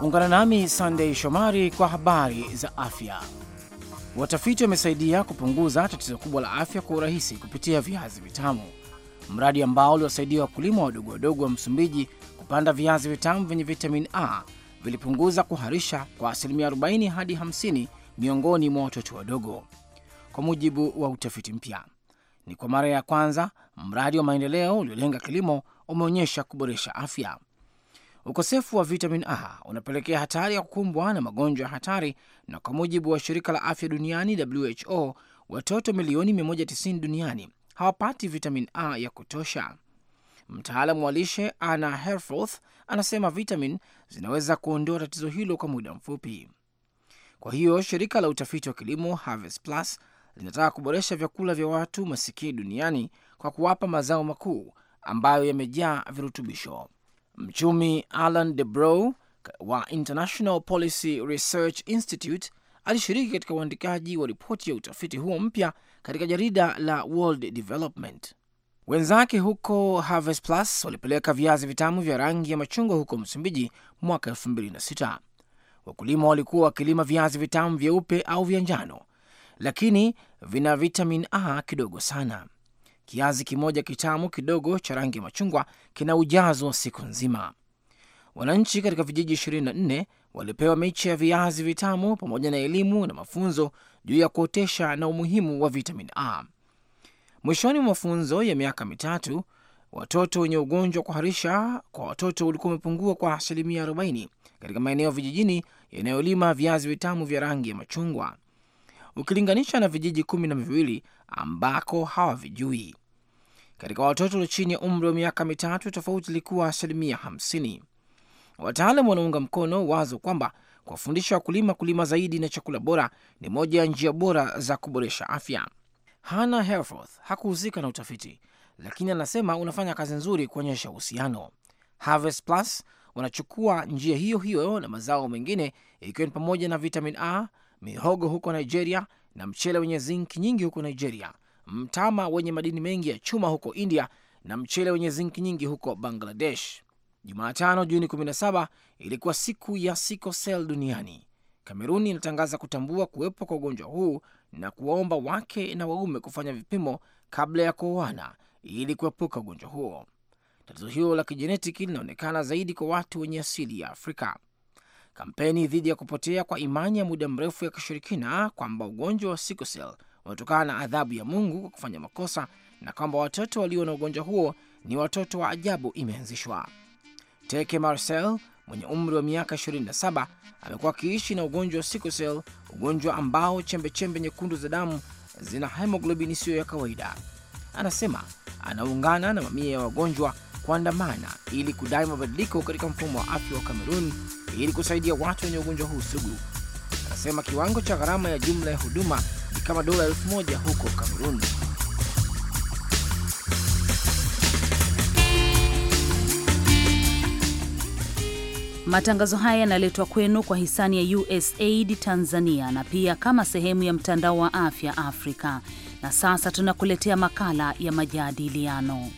Ungana nami Sandei Shomari kwa habari za afya. Watafiti wamesaidia kupunguza tatizo kubwa la afya kwa urahisi kupitia viazi vitamu, mradi ambao uliwasaidia wakulima wadogo wadogo wa Msumbiji kupanda viazi vitamu vyenye vitamin A vilipunguza kuharisha kwa asilimia 40 hadi 50 miongoni mwa watoto wadogo, kwa mujibu wa utafiti mpya. Ni kwa mara ya kwanza mradi wa maendeleo uliolenga kilimo umeonyesha kuboresha afya. Ukosefu wa vitamin A unapelekea hatari ya kukumbwa na magonjwa ya hatari, na kwa mujibu wa shirika la afya duniani WHO, watoto milioni 190 duniani hawapati vitamin A ya kutosha. Mtaalamu wa lishe Anna Herforth anasema vitamin zinaweza kuondoa tatizo hilo kwa muda mfupi. Kwa hiyo shirika la utafiti wa kilimo Harvest Plus linataka kuboresha vyakula vya watu masikini duniani kwa kuwapa mazao makuu ambayo yamejaa virutubisho. Mchumi Alan de Brow wa International Policy Research Institute alishiriki katika uandikaji wa ripoti ya utafiti huo mpya katika jarida la World Development. Wenzake huko Harvest Plus walipeleka viazi vitamu vya rangi ya machungwa huko Msumbiji mwaka 26 Wakulima walikuwa wakilima viazi vitamu vyeupe au vya njano, lakini vina vitamin A kidogo sana. Kiazi kimoja kitamu kidogo cha rangi ya machungwa kina ujazo wa siku nzima. Wananchi katika vijiji 24 walipewa miche ya viazi vitamu pamoja na elimu na mafunzo juu ya kuotesha na umuhimu wa vitamin A. Mwishoni mwa mafunzo ya miaka mitatu, watoto wenye ugonjwa wa kuharisha kwa watoto ulikuwa umepungua kwa asilimia 40 katika maeneo vijijini yanayolima viazi vitamu vya rangi ya machungwa ukilinganisha na vijiji kumi na viwili ambako hawavijui. Katika watoto chini ya umri wa miaka mitatu, tofauti ilikuwa asilimia hamsini. Wataalam wanaunga mkono wazo kwamba kuwafundisha wakulima kulima zaidi na chakula bora ni moja ya njia bora za kuboresha afya. Hana Herforth hakuhusika na utafiti, lakini anasema unafanya kazi nzuri kuonyesha uhusiano. Harvest Plus wanachukua njia hiyo hiyo na mazao mengine, ikiwa ni pamoja na vitamin A mihogo huko Nigeria na mchele wenye zinki nyingi huko Nigeria, mtama wenye madini mengi ya chuma huko India na mchele wenye zinki nyingi huko Bangladesh. Jumatano Juni 17 ilikuwa siku ya sel duniani. Kameruni inatangaza kutambua kuwepo kwa ugonjwa huu na kuwaomba wake na waume kufanya vipimo kabla ya kuoana ili kuepuka ugonjwa huo. Tatizo hilo la kijenetiki linaonekana zaidi kwa watu wenye asili ya Afrika. Kampeni dhidi ya kupotea kwa imani ya muda mrefu ya kishirikina kwamba ugonjwa wa sikosel unatokana na adhabu ya Mungu kwa kufanya makosa na kwamba watoto walio na ugonjwa huo ni watoto wa ajabu imeanzishwa. Teke Marcel mwenye umri wa miaka 27 amekuwa akiishi na ugonjwa wa sikosel, ugonjwa ambao chembechembe nyekundu za damu zina hemoglobin isiyo ya kawaida. Anasema anaungana na mamia ya wagonjwa kuandamana ili kudai mabadiliko katika mfumo wa afya wa Kamerun ili kusaidia watu wenye ugonjwa huu sugu. Anasema kiwango cha gharama ya jumla ya huduma ni kama dola elfu moja huko Kamerun. Matangazo haya yanaletwa kwenu kwa hisani ya USAID Tanzania na pia kama sehemu ya mtandao wa afya Afrika. Na sasa tunakuletea makala ya majadiliano.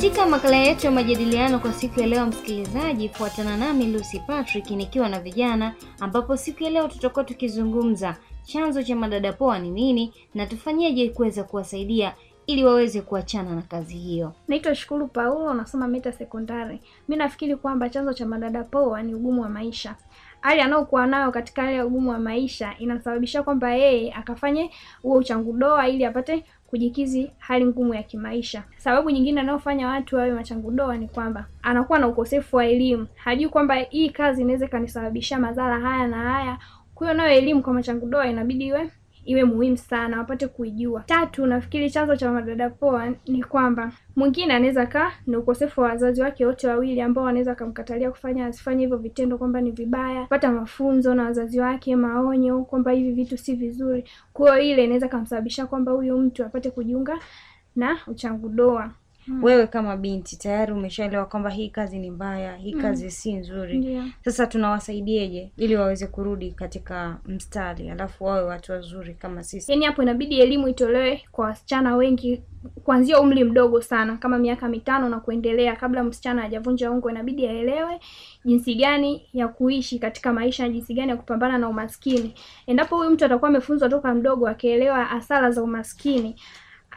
Katika makala yetu ya majadiliano kwa siku ya leo, msikilizaji, fuatana nami Lucy Patrick nikiwa na vijana, ambapo siku ya leo tutakuwa tukizungumza chanzo cha madada poa ni nini na tufanyeje kuweza kuwasaidia ili waweze kuachana na kazi hiyo. Naitwa Shukuru Paulo, nasoma Meta Sekondari. Mi nafikiri kwamba chanzo cha madada poa ni ugumu wa maisha. Hali anayokuwa nayo katika hali ya ugumu wa maisha inasababisha kwamba yeye akafanye huo uchangudoa ili apate kujikizi hali ngumu ya kimaisha. Sababu nyingine anayofanya watu wawe machangu doa ni kwamba anakuwa na ukosefu wa elimu, hajui kwamba hii kazi inaweza ikanisababishia madhara haya na haya. Kwa hiyo nayo elimu kwa machangu doa inabidi iwe iwe muhimu sana, wapate kuijua. Tatu, nafikiri chanzo cha madada poa ni kwamba mwingine anaweza ka ni ukosefu wa wazazi wake wote wawili ambao wanaweza akamkatalia kufanya asifanye hivyo vitendo, kwamba ni vibaya, pata mafunzo na wazazi wake, maonyo kwamba hivi vitu si vizuri. Kwa hiyo ile inaweza kamsababisha kwamba huyu mtu apate kujiunga na uchangudoa. Hmm. Wewe kama binti tayari umeshaelewa kwamba hii kazi ni mbaya, hii hmm. kazi si nzuri. Yeah. Sasa tunawasaidieje ili waweze kurudi katika mstari, alafu wawe watu wazuri kama sisi? Yaani hapo inabidi elimu itolewe kwa wasichana wengi kuanzia umri mdogo sana kama miaka mitano na kuendelea, kabla msichana hajavunja ungo, inabidi aelewe jinsi gani ya kuishi katika maisha, jinsi gani ya kupambana na umaskini. Endapo huyu mtu atakuwa amefunzwa toka mdogo, akielewa asala za umaskini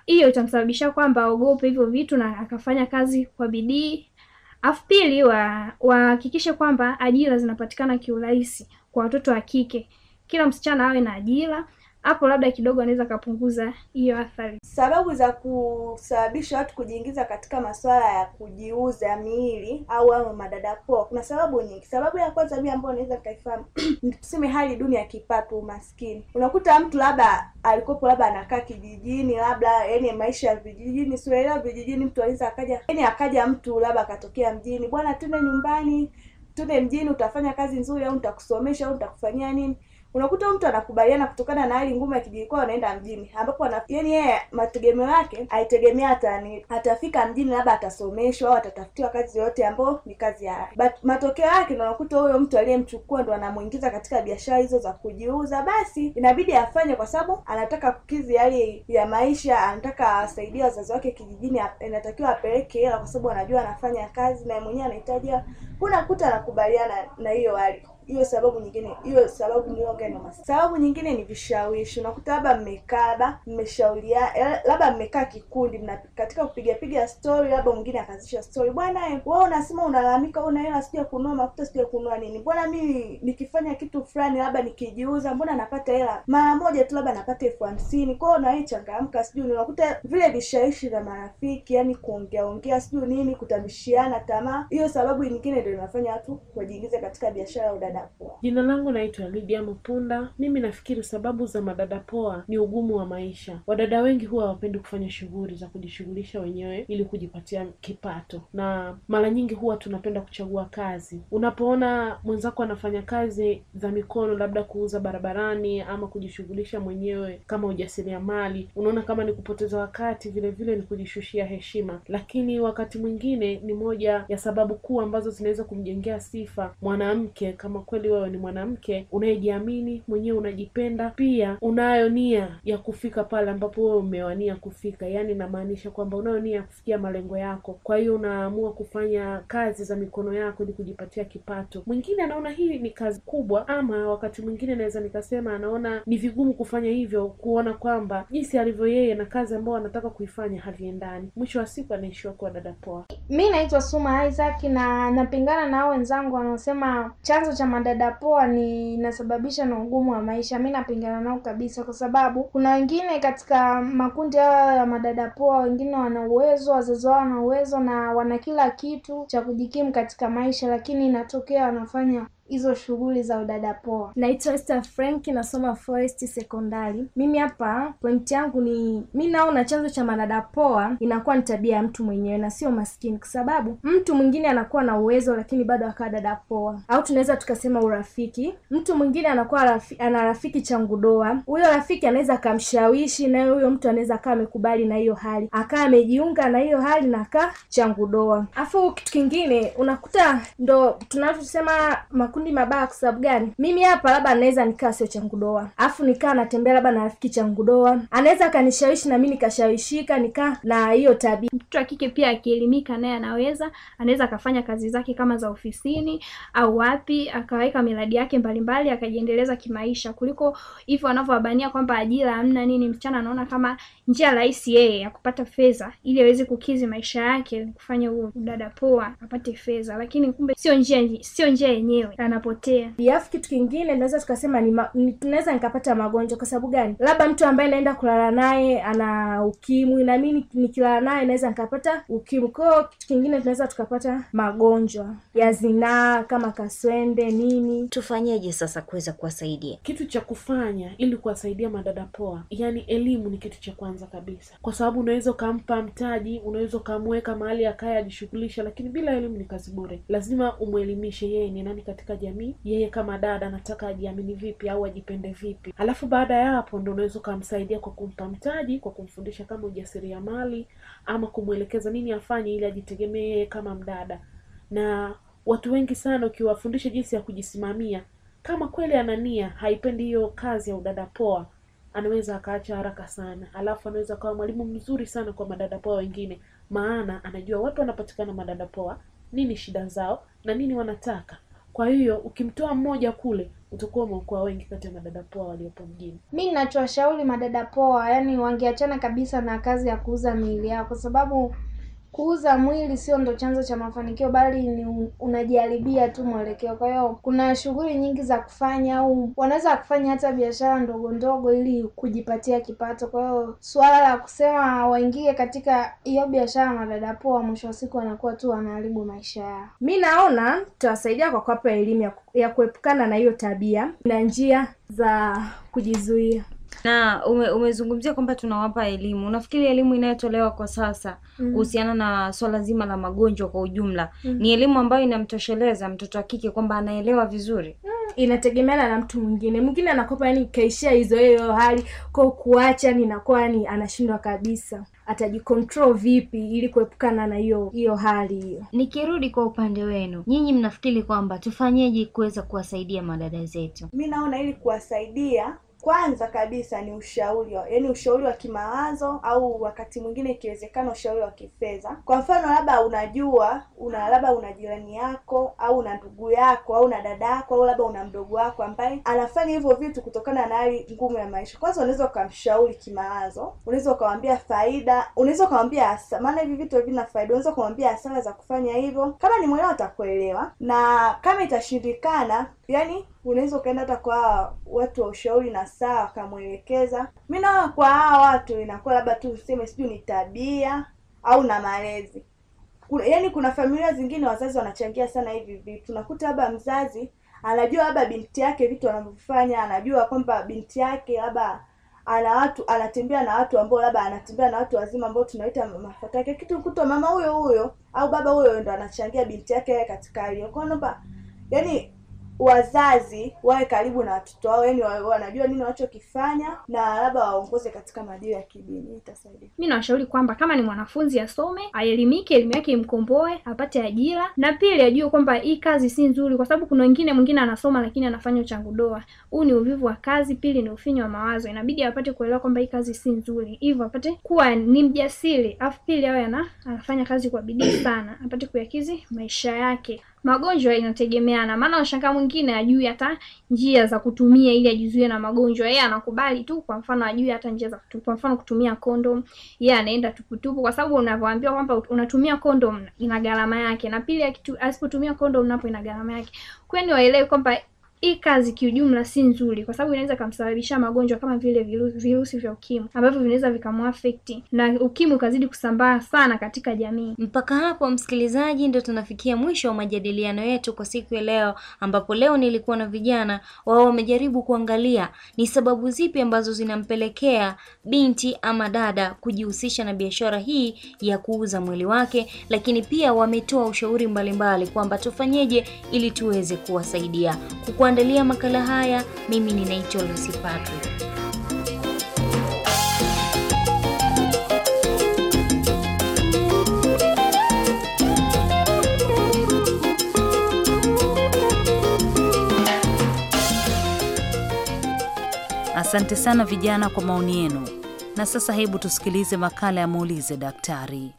hiyo itamsababishia kwamba aogope hivyo vitu na akafanya kazi kwa bidii. Afu pili, wahakikishe wa kwamba ajira zinapatikana kiurahisi kwa watoto wa kike, kila msichana awe na ajira hapo labda kidogo anaweza akapunguza hiyo athari. Sababu za kusababisha watu kujiingiza katika masuala ya kujiuza miili au au madadapo, kuna sababu nyingi. Sababu ya kwanza mimi ambayo naweza nikaifahamu tuseme hali duni ya kipato, umaskini. Unakuta mtu labda alikopo labda anakaa kijijini, labda yani maisha ya vijijini, sielewa vijijini, mtu anaweza akaja yani akaja mtu labda akatokea mjini, bwana, twende nyumbani, twende mjini, utafanya kazi nzuri au nitakusomesha au nitakufanyia nini Unakuta mtu anakubaliana kutokana na hali ngumu ya kijilikuwa, anaenda mjini ambapo yani yeye mategemeo yake aitegemea ni atafika mjini, labda atasomeshwa au atatafutiwa kazi yoyote ambayo ni kazi ya but matokeo yake ndo unakuta huyo mtu aliyemchukua ndo anamuingiza katika biashara hizo za kujiuza. Basi inabidi afanye kwa sababu anataka kukizi hali ya maisha, anataka awasaidie wazazi wake kijijini, anatakiwa apeleke hela kwa sababu anajua anafanya kazi na mwenyewe anahitaji. Kuna kuta anakubaliana na hiyo hali iwe sababu nyingine iwe sababu mwoga Sababu nyingine ni vishawishi. Unakuta labda mmekaa mmeshauria eh, labda mmekaa kikundi, mna katika kupiga piga story, labda mwingine akazisha story, bwana wewe unasema unalalamika, una hela ya kunua mafuta ya kunua nini, mbona mimi nikifanya kitu fulani labda nikijiuza, mbona napata hela mara moja tu, labda napata elfu hamsini kwao, na hii changamka, sijui unakuta vile vishawishi vya marafiki, yani kuongea ongea sijui nini, kutamishiana tamaa. Hiyo sababu nyingine ndio inafanya watu wajiingize katika biashara ya Poa. Jina langu naitwa Lydia Mpunda. Mimi nafikiri sababu za madada poa ni ugumu wa maisha. Wadada wengi huwa hawapendi kufanya shughuli za kujishughulisha wenyewe ili kujipatia kipato, na mara nyingi huwa tunapenda kuchagua kazi. Unapoona mwenzako anafanya kazi za mikono, labda kuuza barabarani ama kujishughulisha mwenyewe kama ujasiriamali, unaona kama ni kupoteza wakati, vile vile ni kujishushia heshima, lakini wakati mwingine ni moja ya sababu kuu ambazo zinaweza kumjengea sifa mwanamke kama kweli wewe ni mwanamke unayejiamini mwenyewe, unajipenda, pia unayo nia ya kufika pale ambapo wewe umewania kufika. Yaani namaanisha kwamba unayo nia ya kufikia malengo yako, kwa hiyo unaamua kufanya kazi za mikono yako ili kujipatia kipato. Mwingine anaona hii ni kazi kubwa, ama wakati mwingine naweza nikasema anaona ni vigumu kufanya hivyo, kuona kwamba jinsi alivyo yeye na kazi ambayo anataka kuifanya haviendani. Mwisho wa siku anaishiwa kuwa dada poa. Mi naitwa Suma Isaac na napingana na wenzangu wanaosema chanzo cha madada poa ni inasababisha na ugumu wa maisha. Mi napingana nao kabisa, kwa sababu kuna wengine katika makundi hayo ya madada poa, wengine wana uwezo, wazazi wao wana uwezo na wana kila kitu cha kujikimu katika maisha, lakini inatokea wanafanya hizo shughuli za udada poa. Naitwa Esther Frank, nasoma Forest Sekondari. Mimi hapa point yangu ni mi naona chanzo cha madada poa inakuwa ni tabia ya mtu mwenyewe na sio maskini, kwa sababu mtu mwingine anakuwa na uwezo lakini bado akawa dada poa, au tunaweza tukasema urafiki. Mtu mwingine anakuwa rafi, ana rafiki changu doa, huyo rafiki anaweza akamshawishi, naye huyo mtu anaweza akawa amekubali na hiyo hali, akaa amejiunga na hiyo hali na akaa changu doa. Afu kitu kingine unakuta ndo tunavyosema makundi mabaya kwa sababu gani? Mimi hapa labda naweza nikaa sio changu doa, nikaa natembea labda na rafiki changu doa, anaweza akanishawishi na mimi nikashawishika, nikaa na hiyo tabia. Mtoto akike pia akielimika, naye anaweza anaweza akafanya kazi zake kama za ofisini au wapi, akaweka miradi yake mbalimbali, akajiendeleza kimaisha, kuliko hivyo wanavyowabania kwamba ajira hamna nini. Msichana anaona kama njia rahisi yeye ya kupata fedha ili aweze kukizi maisha yake, kufanya huo udada poa apate fedha, lakini kumbe sio njia, sio njia yenyewe anapotea. Alafu kitu kingine naweza tukasema ni ma, tunaweza nikapata magonjwa. Kwa sababu gani? Labda mtu ambaye naenda kulala naye ana ukimwi, na mi nikilala naye naweza nikapata ukimwi. Kwao kitu kingine tunaweza tukapata magonjwa ya zinaa kama kaswende nini. Tufanyeje sasa kuweza kuwasaidia? Kitu cha kufanya ili kuwasaidia madada poa, yani elimu ni kitu cha kwanza kabisa, kwa sababu unaweza ukampa mtaji, unaweza ukamweka mahali akaye ajishughulisha, lakini bila elimu ni kazi bure. Lazima umwelimishe yeye ni nani katika katika jamii, yeye kama dada anataka ajiamini vipi au ajipende vipi. Alafu baada ya hapo ndo unaweza ukamsaidia kwa kumpa mtaji, kwa kumfundisha kama ujasiriamali, ama kumwelekeza nini afanye ili ajitegemee yeye kama mdada. Na watu wengi sana ukiwafundisha jinsi ya kujisimamia, kama kweli anania haipendi hiyo kazi ya udada poa anaweza akaacha haraka sana. Alafu anaweza akawa mwalimu mzuri sana kwa madada poa wengine, maana anajua watu wanapatikana madada poa, nini shida zao na nini wanataka. Kwa hiyo ukimtoa mmoja kule utakuwa umeokoa wengi kati ya madada poa waliopo mjini. Mi ninachowashauri madada poa, yani wangeachana kabisa na kazi ya kuuza miili yao, kwa sababu kuuza mwili sio ndo chanzo cha mafanikio, bali ni unajaribia tu mwelekeo. Kwa hiyo kuna shughuli nyingi za kufanya, au wanaweza kufanya hata biashara ndogo ndogo ili kujipatia kipato. Kwa hiyo suala la kusema waingie katika hiyo biashara madadapoa, mwisho wa siku wanakuwa tu wanaharibu maisha yao. Mi naona tutawasaidia kwa kuwapa elimu ya kuepukana na hiyo tabia na njia za kujizuia. Na ume, umezungumzia kwamba tunawapa elimu. Unafikiri elimu inayotolewa kwa sasa mhm. kuhusiana mm -hmm. na swala zima la magonjwa kwa ujumla mm -hmm. ni elimu ambayo inamtosheleza mtoto wa kike kwamba anaelewa vizuri? mm -hmm. Inategemeana na mtu mwingine. Mwingine anakopa yani kaishia hizo hiyo hali kwa kuacha ni nakuwa ni anashindwa kabisa atajikontrol vipi ili kuepukana na hiyo hiyo hali hiyo. Nikirudi kwa upande wenu nyinyi, mnafikiri kwamba tufanyeje kuweza kuwasaidia madada zetu? Mi naona ili kuwasaidia kwanza kabisa ni ushauri, yaani ushauri wa kimawazo au wakati mwingine ikiwezekana ushauri wa kifedha. Kwa mfano, labda unajua una labda una jirani yako au una ndugu yako au una dada yako au labda una mdogo wako ambaye anafanya hivyo vitu kutokana na hali ngumu ya maisha. Kwanza unaweza ukamshauri kimawazo, unaweza ukamwambia faida, unaweza ukamwambia hasa, maana hivi vitu vina faida. Unaweza ukamwambia hasara za kufanya hivyo. Kama ni mwelewa, atakuelewa, na kama itashindikana yani unaweza ukaenda hata kwa watu wa ushauri na saa wakamwelekeza. Mi naona kwa hawa watu inakuwa labda tu useme sijui ni tabia au na malezi kuna, yani kuna familia zingine wazazi wanachangia sana hivi vitu. nakuta labda mzazi anajua labda binti yake vitu anavyofanya, anajua kwamba binti yake labda ana watu anatembea na watu ambao labda anatembea na watu wazima ambao tunaita mafuta yake kitu kuta mama huyo huyo au baba huyo ndo anachangia binti yake katika hali hiyo. Kwa yani wazazi wawe karibu na watoto wao, yani wanajua nini wanachokifanya na labda waongoze katika maadili ya kidini, itasaidia. Mimi nawashauri kwamba kama ni mwanafunzi asome, aelimike, elimu yake imkomboe, apate ajira, na pili ajue kwamba hii kazi si nzuri, kwa sababu kuna wengine mwingine anasoma lakini anafanya uchangu doa. Huu ni uvivu wa kazi, pili ni ufinyo wa mawazo. Inabidi apate kuelewa kwamba hii kazi si nzuri, hivyo apate kuwa ni mjasiri, afu pili awe anafanya kazi kwa bidii sana, apate kuyakizi maisha yake magonjwa inategemeana, maana washanga mwingine ajui hata njia za kutumia ili ajizuie na magonjwa. Yeye anakubali tu, kwa mfano ajui hata njia za kutumia, kwa mfano kutumia kondom, yeye anaenda tuputupu, kwa sababu unavyoambiwa kwamba unatumia kondom ina gharama yake, na pili, asipotumia kondom napo ina gharama yake. Kweni waelewe kwamba hii kazi kiujumla si nzuri, kwa sababu inaweza ikamsababishia magonjwa kama vile virusi, virusi vya ukimwi ambavyo vinaweza vikamwafekti na ukimwi ukazidi kusambaa sana katika jamii. Mpaka hapo msikilizaji, ndio tunafikia mwisho wa majadiliano yetu kwa siku ya leo, ambapo leo nilikuwa na vijana wao wamejaribu kuangalia ni sababu zipi ambazo zinampelekea binti ama dada kujihusisha na biashara hii ya kuuza mwili wake, lakini pia wametoa ushauri mbalimbali kwamba tufanyeje ili tuweze kuwasaidia Kukuwa kuandalia makala haya, mimi ninaitwa Lucy Patrick. Asante sana vijana kwa maoni yenu. Na sasa hebu tusikilize makala ya muulize daktari.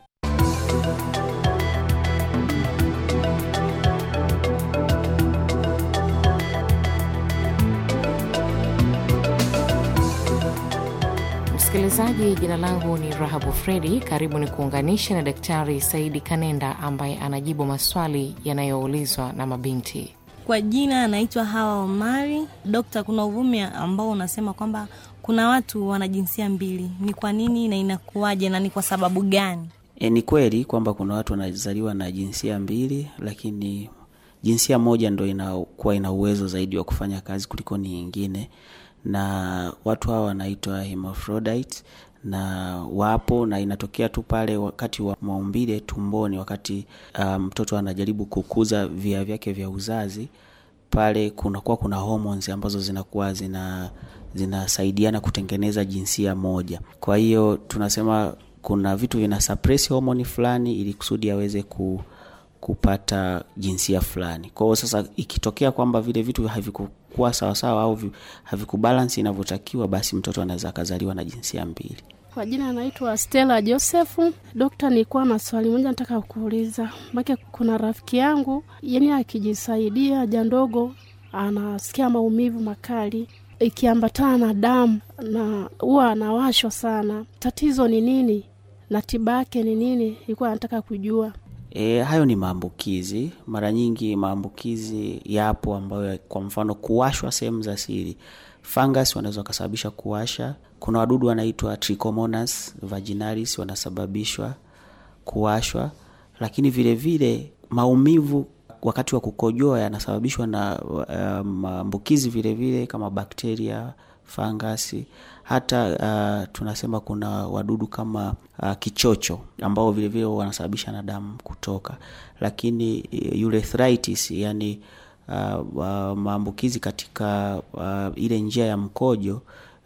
Msikilizaji, jina langu ni Rahabu Fredi. Karibu ni kuunganisha na Daktari Saidi Kanenda ambaye anajibu maswali yanayoulizwa na mabinti. Kwa jina anaitwa Hawa Omari. Dokta, kuna uvumi ambao unasema kwamba kuna watu wana jinsia mbili, ni kwa nini na inakuwaje na ni kwa sababu gani? E, ni kweli kwamba kuna watu wanazaliwa na jinsia mbili, lakini jinsia moja ndo inakuwa ina uwezo zaidi wa kufanya kazi kuliko ni nyingine na watu hawa wanaitwa hemophrodite na wapo na inatokea tu pale wakati wa maumbile tumboni, wakati uh, mtoto um, anajaribu kukuza via vyake vya uzazi pale kunakuwa kuna hormones ambazo zinakuwa zina zinasaidiana kutengeneza jinsia moja. Kwa hiyo tunasema kuna vitu vina suppress hormone fulani ili kusudi aweze ku, kupata jinsia fulani. Kwa hiyo sasa ikitokea kwamba vile vitu haviku havikuwa sawasawa au havikubalansi inavyotakiwa, basi mtoto anaweza akazaliwa na jinsia mbili. Kwa jina anaitwa stela Josefu. Dokta, nikuwa na swali moja nataka kuuliza. Make kuna rafiki yangu yani akijisaidia ja ndogo anasikia maumivu makali ikiambatana na damu na huwa anawashwa sana. Tatizo ni nini na tiba yake ni nini? Nilikuwa nataka kujua. E, hayo ni maambukizi. Mara nyingi maambukizi yapo ambayo kwa mfano kuwashwa sehemu za siri. Fungus wanaweza wakasababisha kuwasha. Kuna wadudu wanaitwa Trichomonas vaginalis wanasababishwa kuwashwa, lakini vile vile maumivu wakati wa kukojoa yanasababishwa na eh, maambukizi vilevile vile vile kama bakteria fangasi hata uh, tunasema kuna wadudu kama uh, kichocho ambao vilevile wanasababisha na damu kutoka, lakini eh, urethritis, yani uh, uh, maambukizi katika uh, ile njia ya mkojo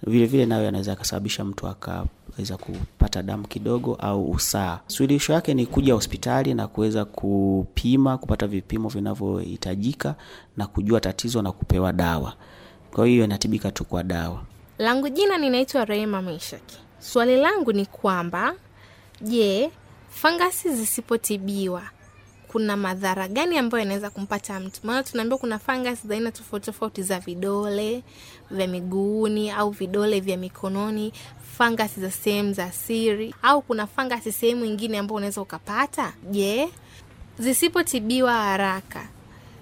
vilevile nayo yanaweza akasababisha mtu akaweza kupata damu kidogo au usaa. Suluhisho yake ni kuja hospitali na kuweza kupima, kupata vipimo vinavyohitajika na kujua tatizo na kupewa dawa. Kwa hiyo inatibika tu kwa dawa. Langu jina ninaitwa Rehema Meshaki. Swali langu ni kwamba je, fangasi zisipotibiwa kuna madhara gani ambayo yanaweza kumpata mtu? Maana tunaambiwa kuna fangasi za aina tofauti tofauti za vidole vya miguuni au vidole vya mikononi, fangasi za sehemu za siri, au kuna fangasi sehemu ingine ambayo unaweza ukapata. Je, zisipotibiwa haraka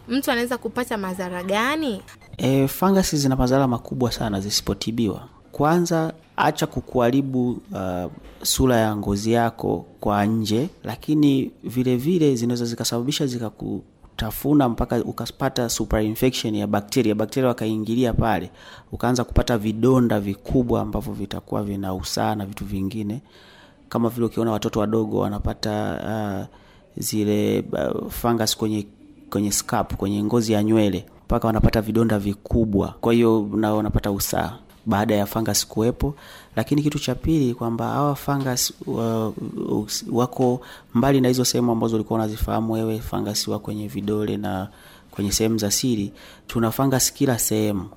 mtu anaweza kupata madhara gani? E, fangasi zina madhara makubwa sana zisipotibiwa. Kwanza, acha kukuharibu uh, sura ya ngozi yako kwa nje, lakini vilevile zinaweza zikasababisha zikakutafuna mpaka ukapata super infection ya bakteria, bakteria wakaingilia pale, ukaanza kupata vidonda vikubwa ambavyo vitakuwa vinausaa na vitu vingine, kama vile ukiona watoto wadogo wanapata uh, zile uh, fungus kwenye, kwenye scalp, kwenye ngozi ya nywele mpaka wanapata vidonda vikubwa, kwa hiyo na wanapata usaa baada ya fangas kuwepo. Lakini kitu cha pili kwamba hawa fangas uh, wako mbali na hizo sehemu ambazo ulikuwa unazifahamu wewe, fangas wa kwenye vidole na kwenye sehemu za siri. Tuna fangas kila sehemu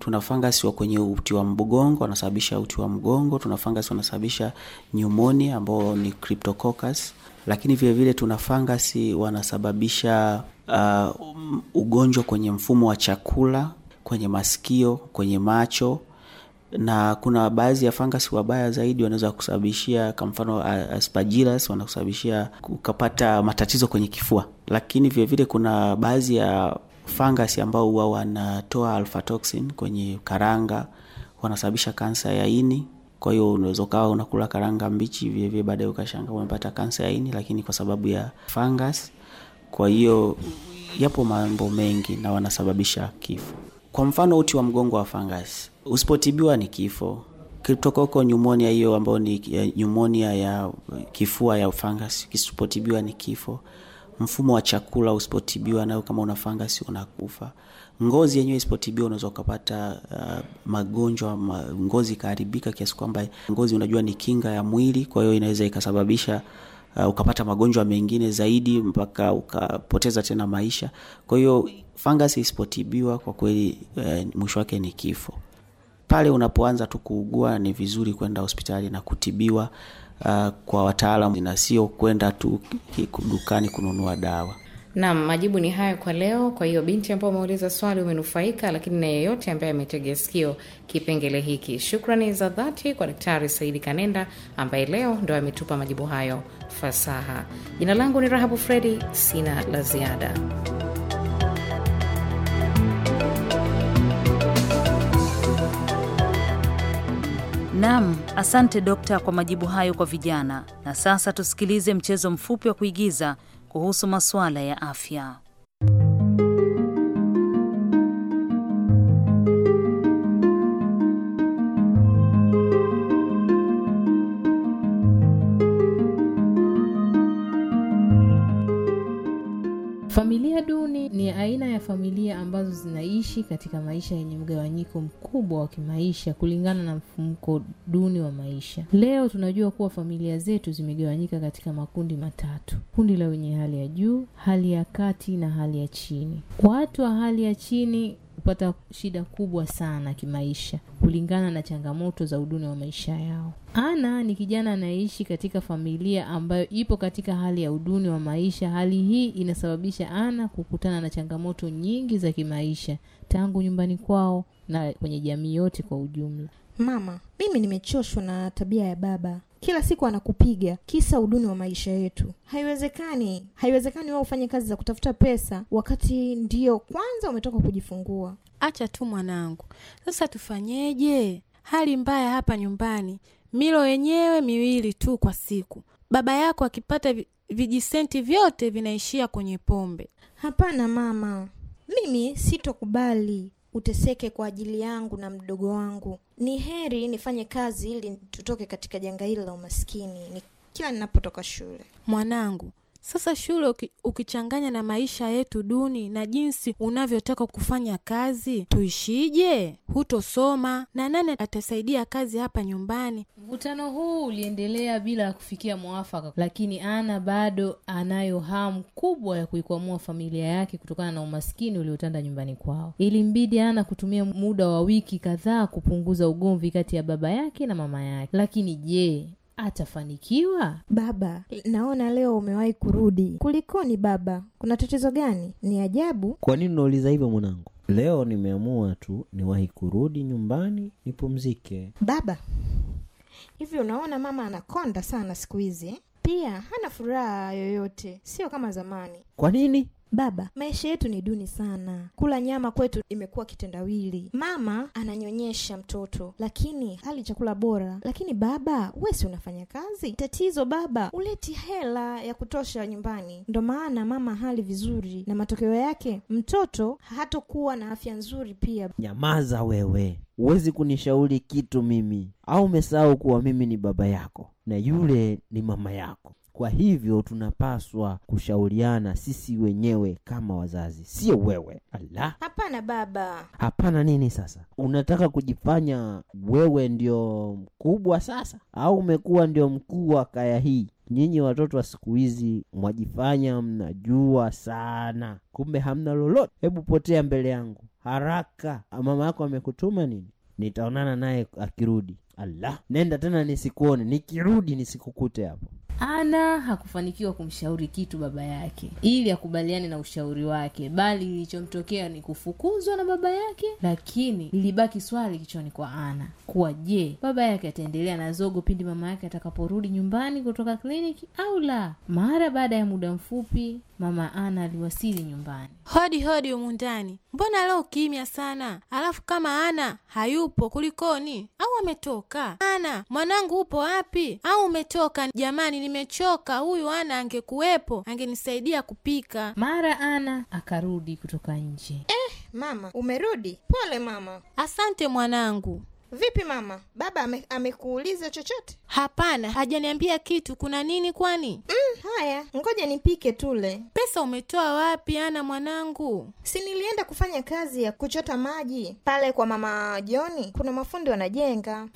tuna fangas wa kwenye uti wa mgongo wanasababisha uti wa mgongo. Tuna fangas wanasababisha nyumonia ambao ni Cryptococcus lakini vilevile tuna fangasi wanasababisha uh, ugonjwa kwenye mfumo wa chakula, kwenye masikio, kwenye macho na kuna baadhi ya fangasi wabaya zaidi wanaweza kusababishia kwa mfano aspergillus, wanakusababishia ukapata matatizo kwenye kifua. Lakini vilevile kuna baadhi ya fangasi ambao huwa wanatoa alfatoxin kwenye karanga, wanasababisha kansa ya ini. Kwa hiyo unaweza ukawa unakula karanga mbichi vile vile, baadaye ukashanga umepata kansa ya ini, lakini kwa sababu ya fungus. Kwa hiyo yapo mambo mengi na wanasababisha kifo. Kwa mfano uti wa mgongo wa fungus usipotibiwa ni kifo. Cryptococcal nyumonia hiyo ambayo ni nyumonia ya kifua ya fungus kisipotibiwa ni kifo. Mfumo wa chakula usipotibiwa nayo, kama una fungus unakufa. Ngozi yenyewe isipotibiwa unaweza ukapata uh, magonjwa ma, ngozi ikaharibika kiasi kwamba ngozi, unajua ni kinga ya mwili, kwa hiyo inaweza ikasababisha uh, ukapata magonjwa mengine zaidi mpaka ukapoteza tena maisha. Kwa hiyo fangas isipotibiwa kwa kweli, uh, mwisho wake ni kifo. Pale unapoanza tu kuugua, ni vizuri kwenda hospitali na kutibiwa uh, kwa wataalam na sio kwenda tu dukani kununua dawa. Naam, majibu ni hayo kwa leo. Kwa hiyo binti ambao umeuliza swali umenufaika, lakini na yeyote ambaye ametegea sikio kipengele hiki, shukrani za dhati kwa Daktari Saidi Kanenda ambaye leo ndo ametupa majibu hayo fasaha. Jina langu ni Rahabu Fredi, sina la ziada. Nam, asante dokta kwa majibu hayo kwa vijana. Na sasa tusikilize mchezo mfupi wa kuigiza kuhusu masuala ya afya. familia ambazo zinaishi katika maisha yenye mgawanyiko mkubwa wa kimaisha kulingana na mfumko duni wa maisha. Leo tunajua kuwa familia zetu zimegawanyika katika makundi matatu: kundi la wenye hali ya juu, hali ya kati na hali ya chini. Watu wa hali ya chini kupata shida kubwa sana kimaisha kulingana na changamoto za uduni wa maisha yao. Ana ni kijana anayeishi katika familia ambayo ipo katika hali ya uduni wa maisha. Hali hii inasababisha Ana kukutana na changamoto nyingi za kimaisha tangu nyumbani kwao na kwenye jamii yote kwa ujumla. Mama, mimi nimechoshwa na tabia ya baba kila siku anakupiga, kisa uduni wa maisha yetu. Haiwezekani, haiwezekani wewe ufanye kazi za kutafuta pesa wakati ndio kwanza umetoka kujifungua. Acha tu mwanangu, sasa tufanyeje? Hali mbaya hapa nyumbani, milo yenyewe miwili tu kwa siku. Baba yako akipata vijisenti vyote vinaishia kwenye pombe. Hapana mama, mimi sitokubali uteseke kwa ajili yangu na mdogo wangu. Ni heri nifanye kazi ili tutoke katika janga hili la umaskini, ni kila ninapotoka shule. Mwanangu, sasa shule ukichanganya na maisha yetu duni na jinsi unavyotaka kufanya kazi, tuishije? Hutosoma na nani atasaidia kazi hapa nyumbani? Mkutano huu uliendelea bila ya kufikia mwafaka, lakini Ana bado anayo hamu kubwa ya kuikwamua familia yake kutokana na umaskini uliotanda nyumbani kwao. Ilimbidi Ana kutumia muda wa wiki kadhaa kupunguza ugomvi kati ya baba yake na mama yake. Lakini je, atafanikiwa? Baba, naona leo umewahi kurudi. Kulikoni baba, kuna tatizo gani? Ni ajabu. Kwa nini unauliza hivyo mwanangu? Leo nimeamua tu niwahi kurudi nyumbani nipumzike. Baba, hivi unaona mama anakonda sana siku hizi, pia hana furaha yoyote, sio kama zamani. Kwa nini? Baba, maisha yetu ni duni sana, kula nyama kwetu imekuwa kitendawili. Mama ananyonyesha mtoto lakini hali chakula bora, lakini baba, wesi si unafanya kazi? Tatizo baba, uleti hela ya kutosha nyumbani. Ndo maana mama hali vizuri, na matokeo yake mtoto hatokuwa na afya nzuri pia. Nyamaza wewe, huwezi kunishauri kitu mimi, au umesahau kuwa mimi ni baba yako na yule ni mama yako. Kwa hivyo tunapaswa kushauriana sisi wenyewe kama wazazi, sio wewe. Ala, hapana baba. Hapana nini? Sasa unataka kujifanya wewe ndio mkubwa sasa, au umekuwa ndio mkuu wa kaya hii? Nyinyi watoto wa siku hizi mwajifanya mnajua sana, kumbe hamna lolote. Hebu potea mbele yangu haraka. Ah, mama yako amekutuma nini? Nitaonana naye akirudi. Allah, nenda tena nisikuone, nikirudi nisikukute hapo. Ana hakufanikiwa kumshauri kitu baba yake ili akubaliane na ushauri wake, bali ilichomtokea ni kufukuzwa na baba yake. Lakini lilibaki swali kichwani kwa Ana kuwa je, baba yake ataendelea na zogo pindi mama yake atakaporudi nyumbani kutoka kliniki au la? Mara baada ya muda mfupi, Mama Ana aliwasili nyumbani. Hodi hodi humu ndani, mbona leo kimya sana? Alafu kama Ana hayupo kulikoni? Au ametoka? Ana mwanangu, upo wapi? Au umetoka? Jamani, nimechoka. Huyu Ana angekuwepo angenisaidia kupika. Mara Ana akarudi kutoka nje. Eh, mama umerudi? Pole mama. Asante mwanangu. Vipi mama, baba amekuuliza ame chochote? Hapana, hajaniambia kitu. Kuna nini kwani? Mm, haya, ngoja nipike tule. Pesa umetoa wapi Ana mwanangu? Si nilienda kufanya kazi ya kuchota maji pale kwa mama Joni, kuna mafundi wanajenga. Mm.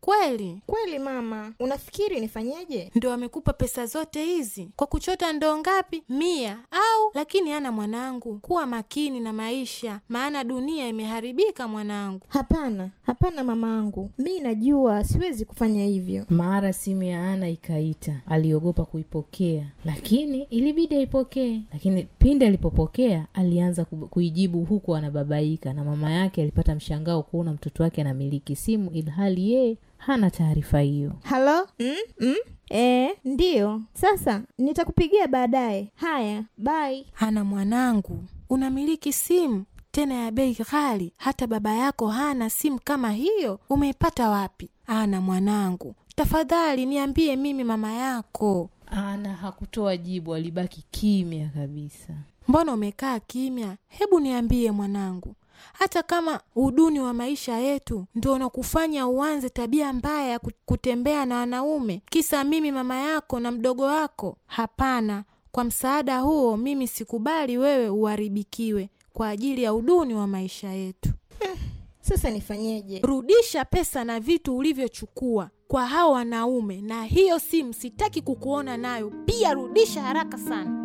Kweli kweli, mama, unafikiri nifanyeje? Ndo amekupa pesa zote hizi kwa kuchota ndoo ngapi? Mia au? Lakini ana mwanangu, kuwa makini na maisha, maana dunia imeharibika mwanangu. Hapana, hapana mamaangu, mi najua siwezi kufanya hivyo. Mara simu ya Ana ikaita, aliogopa kuipokea, lakini ilibidi aipokee. Lakini pindi alipopokea, alianza kuijibu huku anababaika, na mama yake alipata mshangao kuona mtoto wake anamiliki simu ilhali yeye hana taarifa hiyo. Halo? mm? Mm? E, ndiyo. Sasa nitakupigia baadaye. Haya, bai Hana mwanangu, unamiliki simu tena ya bei ghali. Hata baba yako hana simu kama hiyo, umeipata wapi? Ana mwanangu, tafadhali niambie mimi mama yako. Ana hakutoa jibu, alibaki kimya kabisa. Mbona umekaa kimya? Hebu niambie mwanangu, hata kama uduni wa maisha yetu ndio unakufanya uanze tabia mbaya ya kutembea na wanaume kisa mimi mama yako na mdogo wako. Hapana, kwa msaada huo mimi sikubali wewe uharibikiwe kwa ajili ya uduni wa maisha yetu. Hmm, sasa nifanyeje? Rudisha pesa na vitu ulivyochukua kwa hao wanaume, na hiyo simu sitaki kukuona nayo pia, rudisha haraka sana.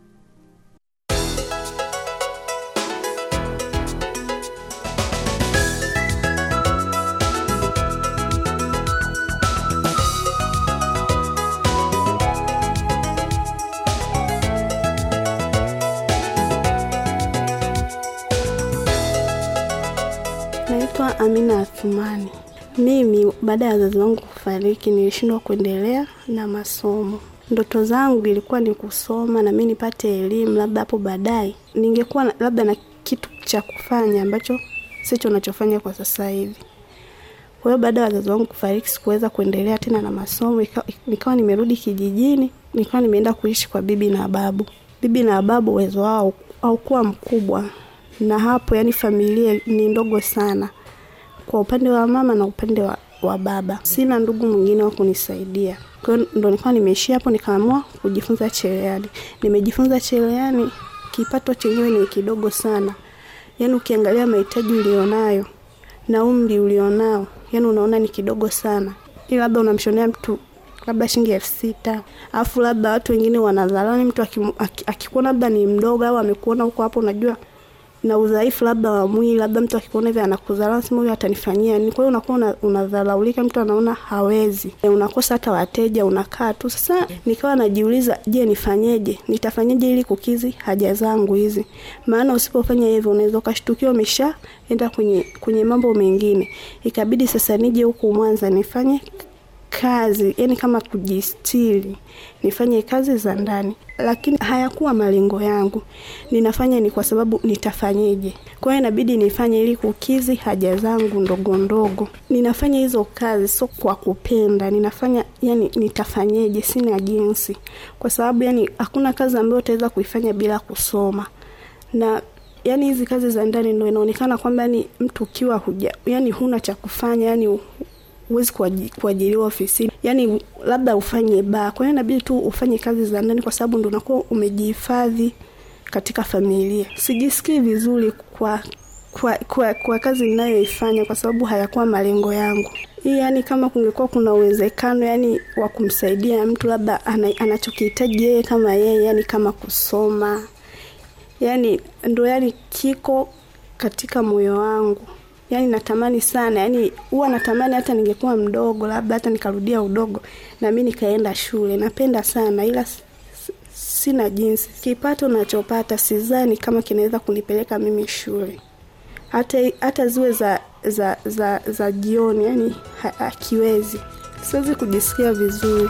Amina Athumani. Mimi baada ya wazazi wangu kufariki, nilishindwa kuendelea na masomo. Ndoto zangu ilikuwa ni kusoma na mimi nipate elimu, labda hapo baadaye ningekuwa labda na kitu cha kufanya ambacho sicho nachofanya kwa sasa hivi. Kwa hiyo baada ya wazazi wangu kufariki, sikuweza kuendelea tena na masomo, nikawa nimerudi kijijini, nikawa nimeenda kuishi kwa bibi na babu. Bibi na babu uwezo wao haukuwa mkubwa, na hapo yani familia ni ndogo sana kwa upande wa mama na upande wa, wa baba. Sina ndugu mwingine wa kunisaidia, kwa hiyo ndo nilikuwa nimeishia hapo, nikaamua kujifunza cherehani. Nimejifunza cherehani, kipato chenyewe ni kidogo sana, yaani ukiangalia mahitaji ulionayo na umri ulionao, yaani unaona ni kidogo sana, ili labda unamshonea mtu labda shilingi elfu sita alafu labda watu wengine wanadharani mtu akikuona labda ni mdogo au amekuona huko hapo, unajua na udhaifu labda wa mwili, labda mtu akikuona hivi anakudharau, lazima huyo atanifanyia nini? Kwa hiyo unakuwa unadharaulika, mtu anaona hawezi, e, unakosa hata wateja, unakaa tu. Sasa nikawa najiuliza, je, nifanyeje? Nitafanyeje ili kukizi haja zangu hizi? Maana usipofanya hivyo unaweza ukashtukiwa enda kwenye kwenye mambo mengine. Ikabidi sasa nije huku Mwanza nifanye kazi, yani kama kujistiri, nifanye kazi za ndani, lakini hayakuwa malengo yangu. Ninafanya ni kwa sababu nitafanyeje, kwa hiyo inabidi nifanye ili kukizi haja zangu ndogo ndogo. Ninafanya hizo kazi sio kwa kupenda, ninafanya yani nitafanyeje, sina jinsi, kwa sababu yani hakuna kazi ambayo utaweza kuifanya bila kusoma na yani hizi kazi za ndani ndo inaonekana kwamba ni mtu ukiwa huja yani huna cha kufanya yani huwezi kuajiriwa ofisini, yani labda ufanye baa. Kwa hiyo inabidi tu ufanye kazi za ndani, kwa sababu ndo unakuwa umejihifadhi katika familia. Sijisikii vizuri kwa kwa, kwa, kwa kazi inayoifanya kwa sababu hayakuwa malengo yangu. Hii yani, kama kungekuwa kuna uwezekano yani wa kumsaidia mtu labda anachokihitaji yeye kama yeye, yani kama kusoma, yani ndo yani kiko katika moyo wangu yani natamani sana yani huwa natamani hata ningekuwa mdogo labda hata nikarudia udogo na mi nikaenda shule napenda sana ila sina jinsi kipato nachopata sizani kama kinaweza kunipeleka mimi shule hata hata ziwe za za za za jioni yani hakiwezi siwezi kujisikia vizuri